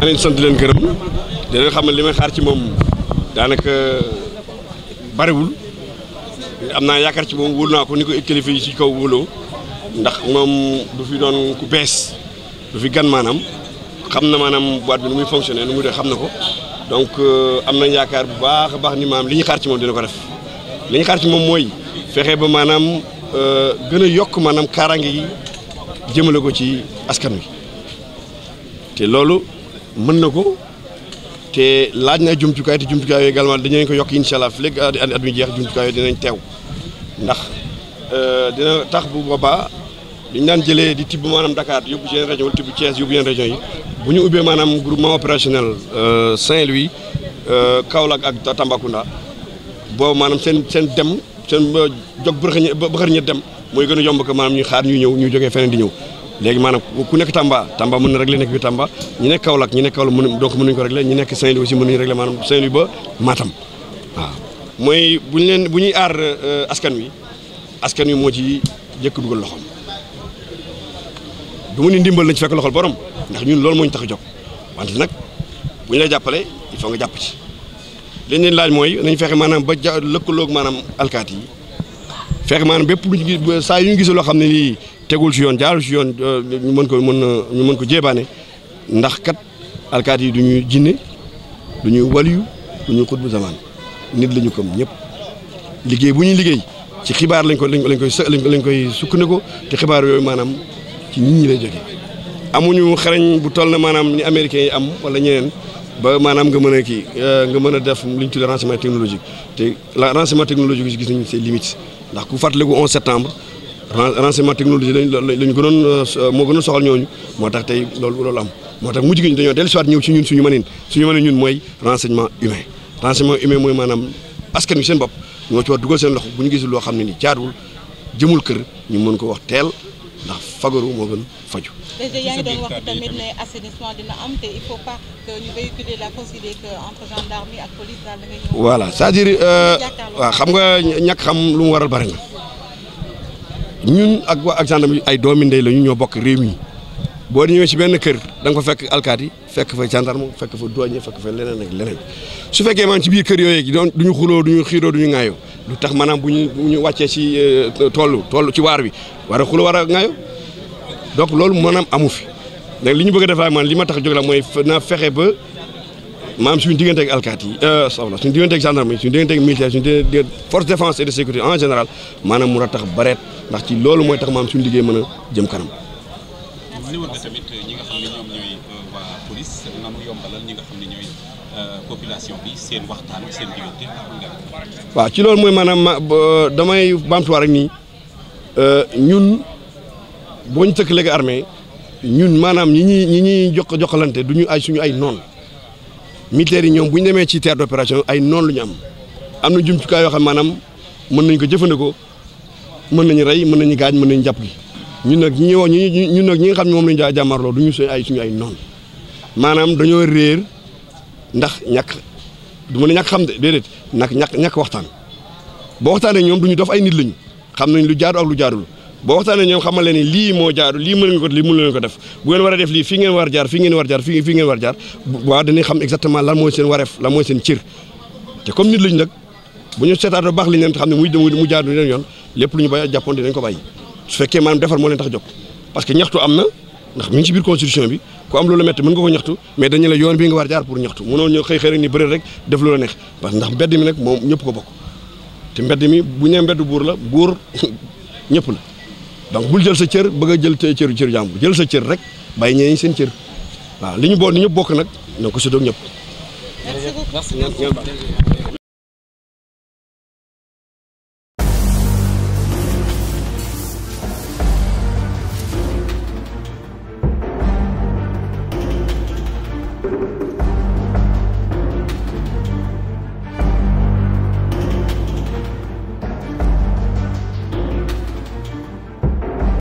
maa leen sant leen gërëm di leen na li may xaar ci moom daanaka bariwul am naa yaakaar ci moom wóolu naa ko ni ko kilifa yi ci kaw wóoloo ndax moom du fi doon ku bees du fi gan maanaam xam na maanaam boîte bi nu muy fonctionné nu mu def xam na ko donc euh, am nañ yaakaar bu baax a baax ni maam li ñu xaar ci moom dina ko def li ñu xaar ci moom mooy fexe ba maanaam euh, gën a yokk maanaam kaaraange gi jëmale ko ci askan wi te loolu. mën na ko te laaj na jumtukaay te jumtukaay yooyu également dañu ko yokk incha allah fii at at jeex jumtukaay dinañ teew ndax euh, dina tax bu boobaa li naan daan jëlee di tibb maanaam Dakar yóbbu yeneen région wala tibb Thiès yóbbu yeneen région yi bu ñu ubbee maanaam groupement opérationnel euh, Saint-Louis euh, Kaolack ak Tambacounda boobu maanaam seen seen dem seen jog bëxër ña dem mooy gën a yomb que maanaam ñu xaar ñu ñëw ñu jógee feneen di ñëw. léegi maanaam ku nekk tàmba Tamba mën na réglé nekk bi Tamba ñu nekk Kaolack ñu nekk Kaolack mën donc mënuñu ko réglé ñu nekk Saint-Louis aussi mënuñu réglé maanaam Saint-Louis ba Matam mooy bu ñu leen bu ñuy aar euh, askan wi askan wi moo ci jëkk dugal loxoom du mu ni ndimbal lañ ci fekk loxol borom ndax ñun loolu moo ñu tax a jóg nag bu ñu la jàppale il faut nga jàpp ci leneen ñu laaj mooy nañ fexe maanaam ba ja lëkkaloog maanaam alkaati fekk maanaam bépp lu ñu saa yu ñu gis loo xam ne lii tegul si yoon jaarul si yoon euh, ñu mën ko mën ñu mën ko jéebaane ndax kat alkaat yi du ñuy jinne du ñuy waliyu du ñuy bu zaman nit lañu ñu comme ñëpp liggéey bu ñuy liggéey ci xibaar lañ ko lañ koy lañ koy sukkandiku te xibaar yooyu maanaam ci nit ñi lay jóge amuñu xarañ bu toll na maanaam ni américains yi am wala ñeneen ba maanaam nga mën a kii euh, nga mën a def li ñu tuddee renseignement technologique te la renseignement technologique gis nañu ses ndax ku fàttaliku 11 septembre renseignement technologie lañ lañ gënoon euh, moo gënoon soxal ñooñu moo tax tey loolu loolu am moo tax mujj gi dañoo dellusiwaat ñëw ci ñun suñu mënin suñu mënin ñun mooy renseignement humain renseignement humain mooy maanaam askan wi seen bopp ñoo ci war dugal seen loxo bu ñu gisul loo xam ne ni jaarul jëmul kër ñu mën ko wax teel ndax fagaru moo gën faju déjà waaw xam nga ñàkk xam lu mu waral bari na ñun ak waa ak gendarme ay doomi ndey la ñu ñoo bokk réew mi boo ñëwee si benn kër da nga fa fekk alkaati fekk fa gendarme fekk fa douanier fekk fa leneen ak leneen su fekkee maanaam ci biir kër yooyu doon du ñu xuloo du ñu xiiroo du ñu ŋaayoo lu tax manaam bu ñu bu ñu wàccee ci toolu euh, toolu ci waar bi war a xuloo war a ŋaayoo donc loolu maanaam amu fi léegi li ñu bëgg a def li ma tax jóg la mooy na fexe ba. maanaam suñu diggante ak alkaati yi euh, soxna suñu diggante ak gendarmerie suñu diggante ak militaire suñu diggante force défense et de sécurité en général maanaam mu tax bareet ndax ci loolu mooy tax maanaam suñu liggéey mën a jëm kanam. ni woon nga tamit ñi nga xam ne ñoom ñooy euh, waa police na mu yombalal ñi nga xam ne ñooy euh, population bi seen waxtaan seen diggante waaw ci loolu mooy maanaam damay bamtuwaat rek nii ñun boo ñu tëkkalee ak armée ñun maanaam ñi ñuy ñi ñuy jox joxalante du ñu ay suñu ay noon militaires yi ñoom bu ñu demee ci théâtre d'opération ay noonu lu ñu am am na jumtukaay yoo xam maanaam mën nañ ko jëfandikoo mën nañu rey mën nañu gaañ mën nañu jàpp gi ñun nag ñi wax ñun nag ñi nga xam ne moom la ñu daa jàmmarloo du ñu suñu ay suñu ay noonu maanaam dañoo réer ndax ñàkk duma ma ne ñàkk xam de déedéet nag ñàkk ñàkk waxtaan boo waxtaanee ñoom du ñu def ay nit lañu xam nañ lu jaadu ak lu jaadul boo waxtaanee ñoom xamal leen ni lii moo jaaru lii mën nga ko lii mën leen ko def bu ngeen war a def lii fii ngeen war a jaar fii ngeen war a jaar fii ngeen war a jaar waaw dañuy xam exactement lan mooy seen wareef lan mooy seen cir te comme nit lañ nag bu ñu seetaat baax li leen xam ne muy mu jaaru leen yoon lépp lu ñu bay jàppoon dinañ ko bàyyi su fekkee maanaam defar moo leen tax jóg parce que ñaxtu am na ndax mi ngi ci biir constitution bi ku am loolu métti mën nga ko ñaxtu mais dañu la yoon bi nga war a jaar pour ñaxtu mënoo ñëw xëy xëy rek ni bëri rek def lu la neex parce que ndax mbedd mi nag moom ñëpp ko bokk te mbedd mi bu ñu mbedd buur la buur ñëpp la donc bul jël sa cër bëgg a jël cëru cëru jàmbur jël sa cër rek bàyyi ñu seen cër waaw li ñu boon ni ñëpp bokk nag na ko séddoog ñëpp. merci beaucoup